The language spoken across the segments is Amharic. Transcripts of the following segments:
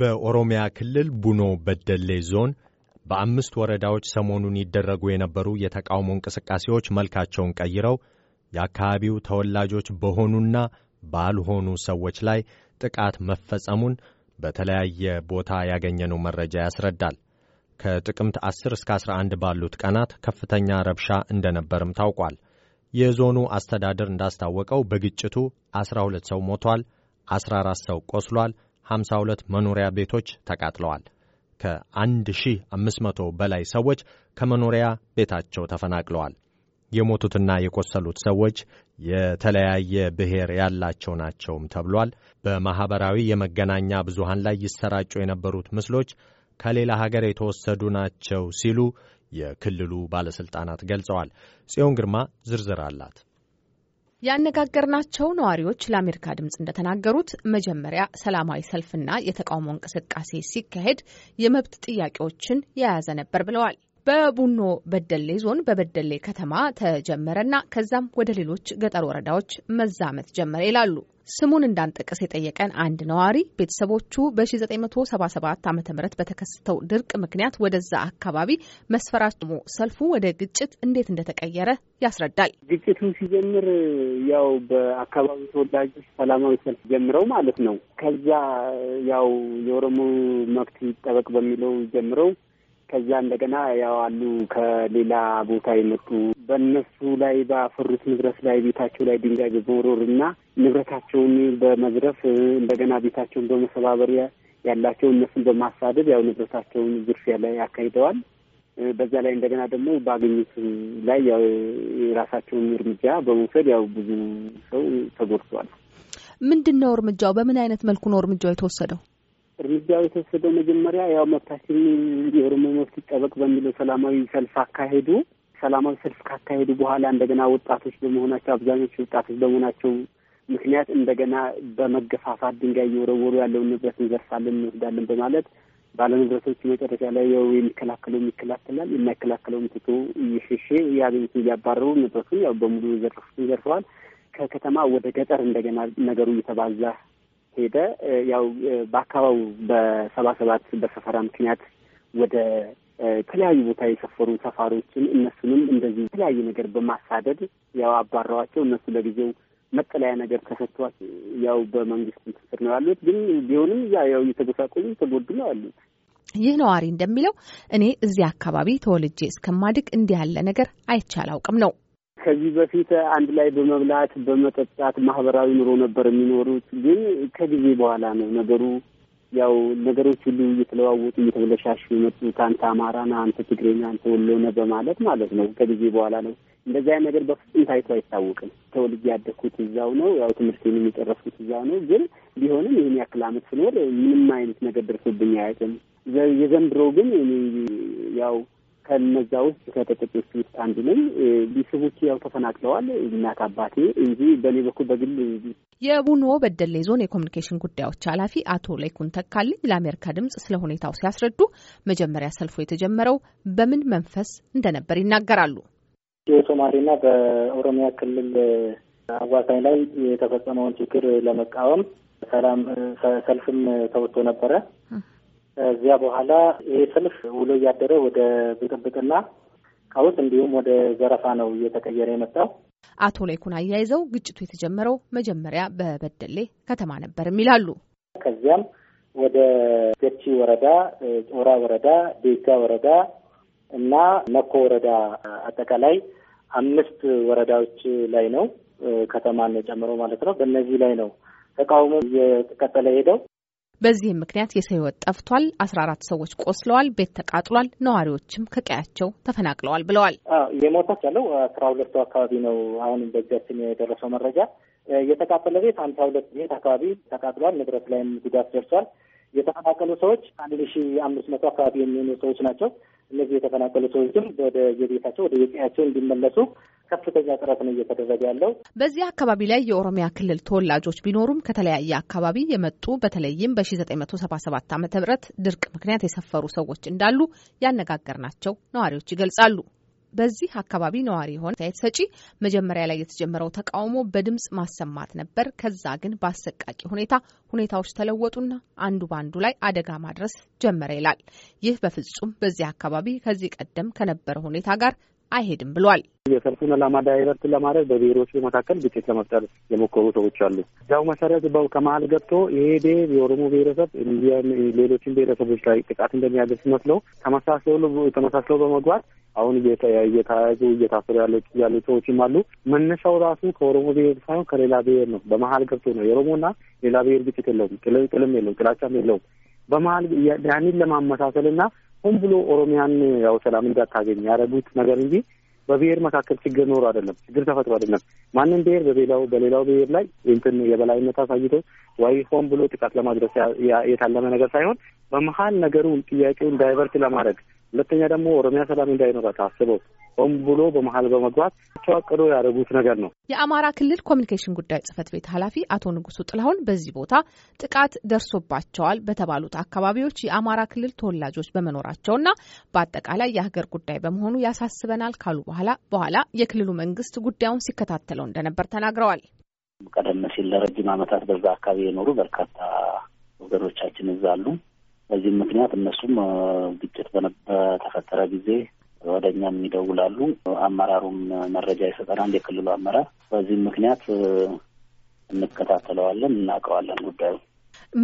በኦሮሚያ ክልል ቡኖ በደሌ ዞን በአምስት ወረዳዎች ሰሞኑን ይደረጉ የነበሩ የተቃውሞ እንቅስቃሴዎች መልካቸውን ቀይረው የአካባቢው ተወላጆች በሆኑና ባልሆኑ ሰዎች ላይ ጥቃት መፈጸሙን በተለያየ ቦታ ያገኘነው መረጃ ያስረዳል። ከጥቅምት 10 እስከ 11 ባሉት ቀናት ከፍተኛ ረብሻ እንደነበርም ታውቋል። የዞኑ አስተዳደር እንዳስታወቀው በግጭቱ 12 ሰው ሞቷል፣ 14 ሰው ቆስሏል፣ 52 መኖሪያ ቤቶች ተቃጥለዋል። ከ1500 በላይ ሰዎች ከመኖሪያ ቤታቸው ተፈናቅለዋል። የሞቱትና የቆሰሉት ሰዎች የተለያየ ብሔር ያላቸው ናቸውም ተብሏል። በማኅበራዊ የመገናኛ ብዙሃን ላይ ይሰራጩ የነበሩት ምስሎች ከሌላ ሀገር የተወሰዱ ናቸው ሲሉ የክልሉ ባለሥልጣናት ገልጸዋል። ጽዮን ግርማ ዝርዝር አላት። ያነጋገርናቸው ነዋሪዎች ለአሜሪካ ድምጽ እንደተናገሩት መጀመሪያ ሰላማዊ ሰልፍና የተቃውሞ እንቅስቃሴ ሲካሄድ የመብት ጥያቄዎችን የያዘ ነበር ብለዋል። በቡኖ በደሌ ዞን በበደሌ ከተማ ተጀመረና ከዛም ወደ ሌሎች ገጠር ወረዳዎች መዛመት ጀመረ ይላሉ። ስሙን እንዳንጠቀስ የጠየቀን አንድ ነዋሪ ቤተሰቦቹ በ1977 ዓ ም በተከሰተው ድርቅ ምክንያት ወደዛ አካባቢ መስፈራሞ ሰልፉ ወደ ግጭት እንዴት እንደተቀየረ ያስረዳል። ግጭቱ ሲጀምር ያው በአካባቢው ተወላጆች ሰላማዊ ሰልፍ ጀምረው ማለት ነው። ከዛ ያው የኦሮሞ መብት ይጠበቅ በሚለው ጀምረው ከዚያ እንደገና ያው አሉ ከሌላ ቦታ የመጡ በእነሱ ላይ ባፈሩት ንብረት ላይ ቤታቸው ላይ ድንጋይ በመወርወር እና ንብረታቸውን በመዝረፍ እንደገና ቤታቸውን በመሰባበር ያላቸው እነሱን በማሳደድ ያው ንብረታቸውን ዝርፊያ ላይ ያካሂደዋል። በዛ ላይ እንደገና ደግሞ ባገኙት ላይ ያው የራሳቸውን እርምጃ በመውሰድ ያው ብዙ ሰው ተጎድቷል። ምንድን ነው እርምጃው? በምን አይነት መልኩ ነው እርምጃው የተወሰደው? እርምጃው የተወሰደው መጀመሪያ ያው መብታችን የኦሮሞ መብት ይጠበቅ በሚለው ሰላማዊ ሰልፍ አካሄዱ። ሰላማዊ ሰልፍ ካካሄዱ በኋላ እንደገና ወጣቶች በመሆናቸው አብዛኞቹ ወጣቶች በመሆናቸው ምክንያት እንደገና በመገፋፋት ድንጋይ እየወረወሩ ያለውን ንብረት እንዘርፋለን፣ እንወስዳለን በማለት ባለንብረቶች መጨረሻ ላይ ያው የሚከላከለውም ይከላከላል፣ የማይከላከለውም ትቶ እየሸሼ ያገኙት እያባረሩ ንብረቱን ያው በሙሉ ዘርፍ ዘርፈዋል። ከከተማ ወደ ገጠር እንደገና ነገሩ እየተባዛ ሄደ። ያው በአካባቢው በሰባ ሰባት በሰፈራ ምክንያት ወደ የተለያዩ ቦታ የሰፈሩ ሰፋሪዎችን እነሱንም እንደዚህ የተለያየ ነገር በማሳደድ ያው አባረዋቸው። እነሱ ለጊዜው መጠለያ ነገር ተሰጥቷቸው ያው በመንግስት ስር ነው ያሉት። ግን ቢሆንም ያው እየተጎሳቆሉ ተጎዱ ነው ያሉት። ይህ ነዋሪ እንደሚለው እኔ እዚህ አካባቢ ተወልጄ እስከማድግ እንዲህ ያለ ነገር አይቼ አላውቅም ነው ከዚህ በፊት አንድ ላይ በመብላት በመጠጣት ማህበራዊ ኑሮ ነበር የሚኖሩት። ግን ከጊዜ በኋላ ነው ነገሩ ያው ነገሮች ሁሉ እየተለዋወጡ እየተበለሻሹ የመጡት አንተ አማራና አንተ ትግሬና አንተ ወሎነ በማለት ማለት ነው። ከጊዜ በኋላ ነው እንደዚያ ነገር በፍጹም ታይቶ አይታወቅም። ተወልጄ ያደግኩት እዛው ነው። ያው ትምህርቴን የጨረስኩት እዛው ነው። ግን ቢሆንም ይህን ያክል አመት ስኖር ምንም አይነት ነገር ደርሶብኝ አያውቅም። የዘንድሮ ግን ያው ከነዛ ውስጥ ከተጠቂዎች ውስጥ አንዱ ነኝ። ቢስቦች ያው ተፈናቅለዋል እናት አባቴ እንጂ በእኔ በኩል በግል የቡኖ በደሌ ዞን የኮሚኒኬሽን ጉዳዮች ኃላፊ አቶ ላይኩን ተካልኝ ለአሜሪካ ድምጽ ስለ ሁኔታው ሲያስረዱ መጀመሪያ ሰልፎ የተጀመረው በምን መንፈስ እንደነበር ይናገራሉ። የሶማሌና በኦሮሚያ ክልል አዋሳኝ ላይ የተፈጸመውን ችግር ለመቃወም ሰላም ሰልፍም ተወጥቶ ነበረ። ከዚያ በኋላ ይሄ ሰልፍ ውሎ እያደረ ወደ ብጥብጥና ቀውስ እንዲሁም ወደ ዘረፋ ነው እየተቀየረ የመጣው። አቶ ላይኩን አያይዘው ግጭቱ የተጀመረው መጀመሪያ በበደሌ ከተማ ነበርም ይላሉ። ከዚያም ወደ ገቺ ወረዳ፣ ጦራ ወረዳ፣ ቤጋ ወረዳ እና መኮ ወረዳ አጠቃላይ አምስት ወረዳዎች ላይ ነው ከተማን ጨምሮ ማለት ነው። በእነዚህ ላይ ነው ተቃውሞ እየቀጠለ ሄደው በዚህም ምክንያት የሰው ሕይወት ጠፍቷል፣ አስራ አራት ሰዎች ቆስለዋል፣ ቤት ተቃጥሏል፣ ነዋሪዎችም ከቀያቸው ተፈናቅለዋል ብለዋል። የሞቶች ያለው አስራ ሁለቱ አካባቢ ነው። አሁንም በእጃችን የደረሰው መረጃ የተቃጠለ ቤት አምሳ ሁለት ቤት አካባቢ ተቃጥሏል፣ ንብረት ላይም ጉዳት ደርሷል። የተፈናቀሉ ሰዎች አንድ ሺ አምስት መቶ አካባቢ የሚሆኑ ሰዎች ናቸው። እነዚህ የተፈናቀሉ ሰዎችም ወደ የቤታቸው ወደ የቀያቸው እንዲመለሱ ከፍተኛ ጥረት ነው እየተደረገ ያለው። በዚህ አካባቢ ላይ የኦሮሚያ ክልል ተወላጆች ቢኖሩም ከተለያየ አካባቢ የመጡ በተለይም በ1977 ዓ ም ድርቅ ምክንያት የሰፈሩ ሰዎች እንዳሉ ያነጋገርናቸው ነዋሪዎች ይገልጻሉ። በዚህ አካባቢ ነዋሪ የሆነ አስተያየት ሰጪ መጀመሪያ ላይ የተጀመረው ተቃውሞ በድምፅ ማሰማት ነበር። ከዛ ግን በአሰቃቂ ሁኔታ ሁኔታዎች ተለወጡና አንዱ በአንዱ ላይ አደጋ ማድረስ ጀመረ ይላል። ይህ በፍጹም በዚህ አካባቢ ከዚህ ቀደም ከነበረ ሁኔታ ጋር አይሄድም ብሏል። የሰልፉን ዓላማ ዳይቨርት ለማድረግ በብሔሮች መካከል ግጭት ለመፍጠር የሞከሩ ሰዎች አሉ። ያው መሰረት በው ከመሀል ገብቶ ይሄ ብሔር የኦሮሞ ብሔረሰብ ሌሎችን ብሔረሰቦች ላይ ጥቃት እንደሚያደርስ መስለው ተመሳስለው በመግባት አሁን እየተያዙ እየታሰሩ ያሉ ሰዎችም አሉ። መነሻው ራሱ ከኦሮሞ ብሔር ሳይሆን ከሌላ ብሔር ነው። በመሀል ገብቶ ነው። የኦሮሞና ሌላ ብሔር ግጭት የለውም፣ ጥልም የለውም፣ ጥላቻም የለውም። በመሀል ያንን ለማመሳሰልና ሆን ብሎ ኦሮሚያን ያው ሰላም እንዳታገኝ ያደረጉት ነገር እንጂ በብሔር መካከል ችግር ኖሮ አይደለም። ችግር ተፈጥሮ አይደለም። ማንም ብሔር በሌላው በሌላው ብሔር ላይ እንትን የበላይነት አሳይቶ ወይ ሆን ብሎ ጥቃት ለማድረስ የታለመ ነገር ሳይሆን በመሀል ነገሩ ጥያቄውን ዳይቨርት ለማድረግ ሁለተኛ ደግሞ ኦሮሚያ ሰላም እንዳይኖር ታስበው ሆን ብሎ በመሀል በመግባት ተዋቅዶ ያደረጉት ነገር ነው። የአማራ ክልል ኮሚኒኬሽን ጉዳይ ጽህፈት ቤት ኃላፊ አቶ ንጉሱ ጥላሁን በዚህ ቦታ ጥቃት ደርሶባቸዋል በተባሉት አካባቢዎች የአማራ ክልል ተወላጆች በመኖራቸውና በአጠቃላይ የሀገር ጉዳይ በመሆኑ ያሳስበናል ካሉ በኋላ በኋላ የክልሉ መንግስት ጉዳዩን ሲከታተለው እንደነበር ተናግረዋል። ቀደም ሲል ለረጅም ዓመታት በዛ አካባቢ የኖሩ በርካታ ወገኖቻችን እዛ አሉ። በዚህም ምክንያት እነሱም ግጭት በተፈጠረ ጊዜ ወደ እኛም ይደውላሉ። አመራሩም መረጃ ይሰጠናል፣ የክልሉ አመራር። በዚህም ምክንያት እንከታተለዋለን፣ እናውቀዋለን ጉዳዩ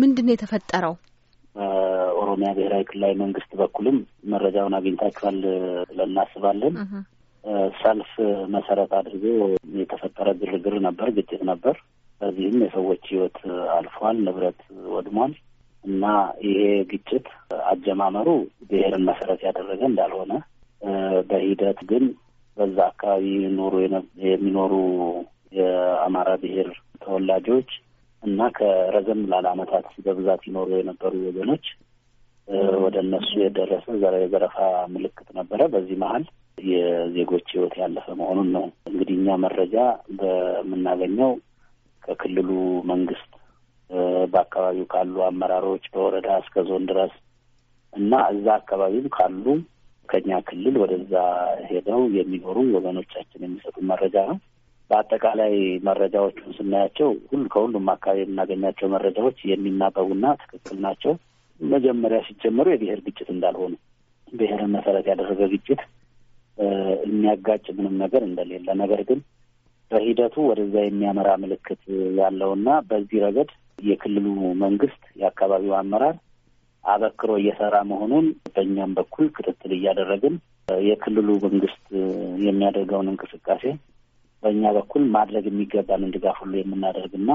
ምንድን ነው የተፈጠረው። በኦሮሚያ ብሔራዊ ክልላዊ መንግስት በኩልም መረጃውን አግኝታችኋል ብለን እናስባለን። ሰልፍ መሰረት አድርጎ የተፈጠረ ግርግር ነበር፣ ግጭት ነበር። በዚህም የሰዎች ህይወት አልፏል፣ ንብረት ወድሟል። እና ይሄ ግጭት አጀማመሩ ብሔርን መሰረት ያደረገ እንዳልሆነ በሂደት ግን በዛ አካባቢ ኖሩ የሚኖሩ የአማራ ብሔር ተወላጆች እና ከረዘም ላለ ዓመታት በብዛት ይኖሩ የነበሩ ወገኖች ወደ እነሱ የደረሰ የዘረፋ ምልክት ነበረ። በዚህ መሀል የዜጎች ሕይወት ያለፈ መሆኑን ነው እንግዲህ እኛ መረጃ በምናገኘው ከክልሉ መንግስት በአካባቢው ካሉ አመራሮች በወረዳ እስከ ዞን ድረስ እና እዛ አካባቢም ካሉ ከኛ ክልል ወደዛ ሄደው የሚኖሩ ወገኖቻችን የሚሰጡ መረጃ ነው። በአጠቃላይ መረጃዎቹን ስናያቸው ሁሉ ከሁሉም አካባቢ የምናገኛቸው መረጃዎች የሚናበቡና ትክክል ናቸው። መጀመሪያ ሲጀመሩ የብሔር ግጭት እንዳልሆኑ ብሔርን መሰረት ያደረገ ግጭት የሚያጋጭ ምንም ነገር እንደሌለ ነገር ግን በሂደቱ ወደዛ የሚያመራ ምልክት ያለውና በዚህ ረገድ የክልሉ መንግስት የአካባቢው አመራር አበክሮ እየሰራ መሆኑን በእኛም በኩል ክትትል እያደረግን የክልሉ መንግስት የሚያደርገውን እንቅስቃሴ በእኛ በኩል ማድረግ የሚገባንን ድጋፍ ሁሉ የምናደርግና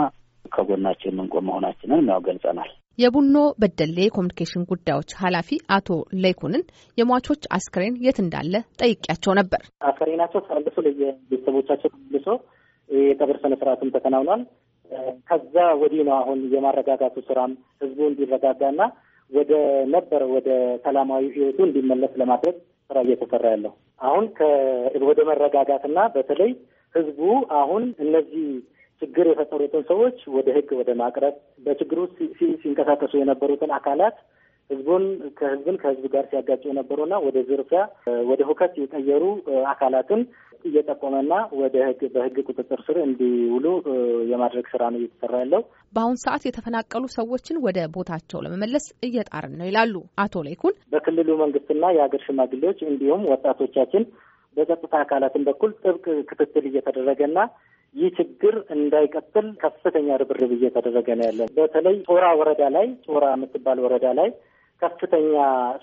ከጎናቸው የምንቆም መሆናችንን ያው ገልጸናል። የቡኖ በደሌ ኮሚኒኬሽን ጉዳዮች ኃላፊ አቶ ለይኩንን የሟቾች አስክሬን የት እንዳለ ጠይቂያቸው ነበር። አስክሬናቸው ተመልሶ ለየቤተሰቦቻቸው ተመልሶ የቀብር ስነ ተከናውኗል። ከዛ ወዲህ ነው አሁን የማረጋጋቱ ስራም ህዝቡ እንዲረጋጋና ወደ ነበር ወደ ሰላማዊ ህይወቱ እንዲመለስ ለማድረግ ስራ እየተሰራ ያለው አሁን ወደ መረጋጋትና በተለይ ህዝቡ አሁን እነዚህ ችግር የፈጠሩትን ሰዎች ወደ ህግ ወደ ማቅረብ በችግሩ ሲንቀሳቀሱ የነበሩትን አካላት ህዝቡን ከህዝብን ከህዝብ ጋር ሲያጋጩ የነበሩና ወደ ዝርፊያ ወደ ሁከት የቀየሩ አካላትን እየጠቆመና ወደ ህግ በህግ ቁጥጥር ስር እንዲውሉ የማድረግ ስራ ነው እየተሰራ ያለው። በአሁን ሰዓት የተፈናቀሉ ሰዎችን ወደ ቦታቸው ለመመለስ እየጣርን ነው ይላሉ አቶ ላይኩን በክልሉ መንግስትና የሀገር ሽማግሌዎች እንዲሁም ወጣቶቻችን በጸጥታ አካላትን በኩል ጥብቅ ክትትል እየተደረገና ይህ ችግር እንዳይቀጥል ከፍተኛ ርብርብ እየተደረገ ነው ያለን። በተለይ ጦራ ወረዳ ላይ ጦራ የምትባል ወረዳ ላይ ከፍተኛ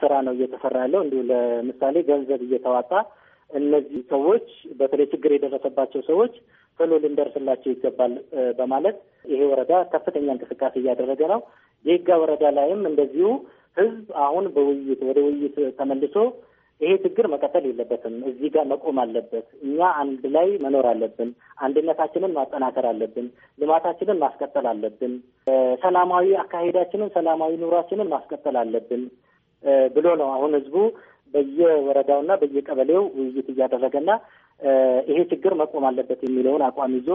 ስራ ነው እየተሰራ ያለው። እንዲሁ ለምሳሌ ገንዘብ እየተዋጣ እነዚህ ሰዎች በተለይ ችግር የደረሰባቸው ሰዎች ቶሎ ልንደርስላቸው ይገባል በማለት ይሄ ወረዳ ከፍተኛ እንቅስቃሴ እያደረገ ነው። የህጋ ወረዳ ላይም እንደዚሁ ህዝብ አሁን በውይይት ወደ ውይይት ተመልሶ ይሄ ችግር መቀጠል የለበትም። እዚህ ጋር መቆም አለበት። እኛ አንድ ላይ መኖር አለብን። አንድነታችንን ማጠናከር አለብን። ልማታችንን ማስቀጠል አለብን። ሰላማዊ አካሄዳችንን፣ ሰላማዊ ኑሯችንን ማስቀጠል አለብን ብሎ ነው አሁን ህዝቡ በየወረዳውና በየቀበሌው ውይይት እያደረገና ይሄ ችግር መቆም አለበት የሚለውን አቋም ይዞ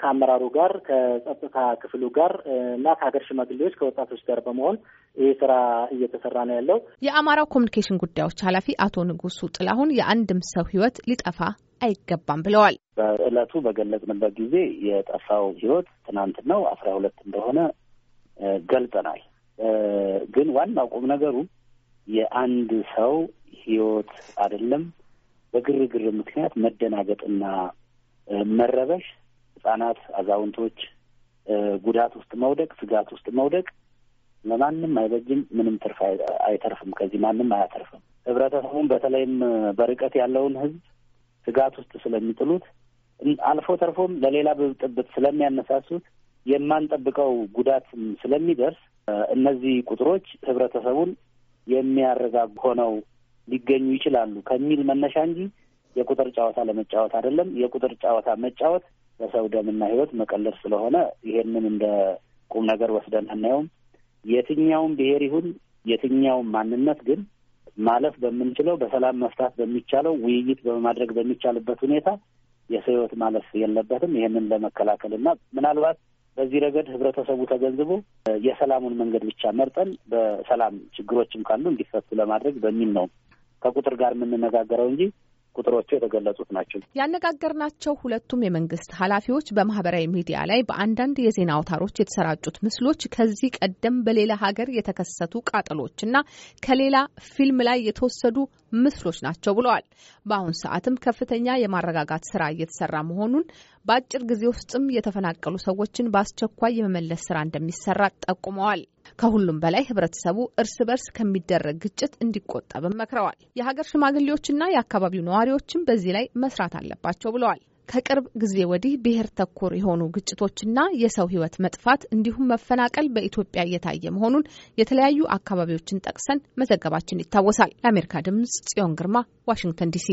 ከአመራሩ ጋር ከጸጥታ ክፍሉ ጋር እና ከሀገር ሽማግሌዎች ከወጣቶች ጋር በመሆን ይህ ስራ እየተሰራ ነው ያለው። የአማራው ኮሚኒኬሽን ጉዳዮች ኃላፊ አቶ ንጉሱ ጥላሁን የአንድም ሰው ህይወት ሊጠፋ አይገባም ብለዋል። በእለቱ በገለጽንበት ጊዜ የጠፋው ትናንት ትናንትናው አስራ ሁለት እንደሆነ ገልጸናል። ግን ዋናው ቁም ነገሩ የአንድ ሰው ህይወት አይደለም። በግርግር ምክንያት መደናገጥና መረበሽ ህጻናት፣ አዛውንቶች ጉዳት ውስጥ መውደቅ፣ ስጋት ውስጥ መውደቅ ለማንም አይበጅም። ምንም ትርፍ አይተርፍም። ከዚህ ማንም አያተርፍም። ህብረተሰቡን በተለይም በርቀት ያለውን ህዝብ ስጋት ውስጥ ስለሚጥሉት አልፎ ተርፎም ለሌላ ብጥብጥ ስለሚያነሳሱት የማንጠብቀው ጉዳት ስለሚደርስ እነዚህ ቁጥሮች ህብረተሰቡን የሚያረጋጉ ሆነው ሊገኙ ይችላሉ ከሚል መነሻ እንጂ የቁጥር ጨዋታ ለመጫወት አይደለም። የቁጥር ጨዋታ መጫወት በሰው ደምና ህይወት መቀለድ ስለሆነ ይሄንን እንደ ቁም ነገር ወስደን አናየውም። የትኛውም ብሔር ይሁን የትኛውም ማንነት ግን ማለፍ በምንችለው በሰላም መፍታት በሚቻለው ውይይት በማድረግ በሚቻልበት ሁኔታ የሰው ህይወት ማለፍ የለበትም። ይህንን ለመከላከል እና ምናልባት በዚህ ረገድ ህብረተሰቡ ተገንዝቦ የሰላሙን መንገድ ብቻ መርጠን በሰላም ችግሮችም ካሉ እንዲፈቱ ለማድረግ በሚል ነው ከቁጥር ጋር የምንነጋገረው እንጂ ቁጥሮቹ የተገለጹት ናቸው። ያነጋገርናቸው ሁለቱም የመንግስት ኃላፊዎች በማህበራዊ ሚዲያ ላይ በአንዳንድ የዜና አውታሮች የተሰራጩት ምስሎች ከዚህ ቀደም በሌላ ሀገር የተከሰቱ ና ከሌላ ፊልም ላይ የተወሰዱ ምስሎች ናቸው ብለዋል። በአሁን ሰዓትም ከፍተኛ የማረጋጋት ስራ እየተሰራ መሆኑን በአጭር ጊዜ ውስጥም የተፈናቀሉ ሰዎችን በአስቸኳይ የመመለስ ስራ እንደሚሰራ ጠቁመዋል። ከሁሉም በላይ ህብረተሰቡ እርስ በርስ ከሚደረግ ግጭት እንዲቆጠብም መክረዋል። የሀገር ሽማግሌዎችና የአካባቢው ነዋሪዎችም በዚህ ላይ መስራት አለባቸው ብለዋል። ከቅርብ ጊዜ ወዲህ ብሔር ተኮር የሆኑ ግጭቶችና የሰው ህይወት መጥፋት እንዲሁም መፈናቀል በኢትዮጵያ እየታየ መሆኑን የተለያዩ አካባቢዎችን ጠቅሰን መዘገባችን ይታወሳል። ለአሜሪካ ድምጽ ጽዮን ግርማ ዋሽንግተን ዲሲ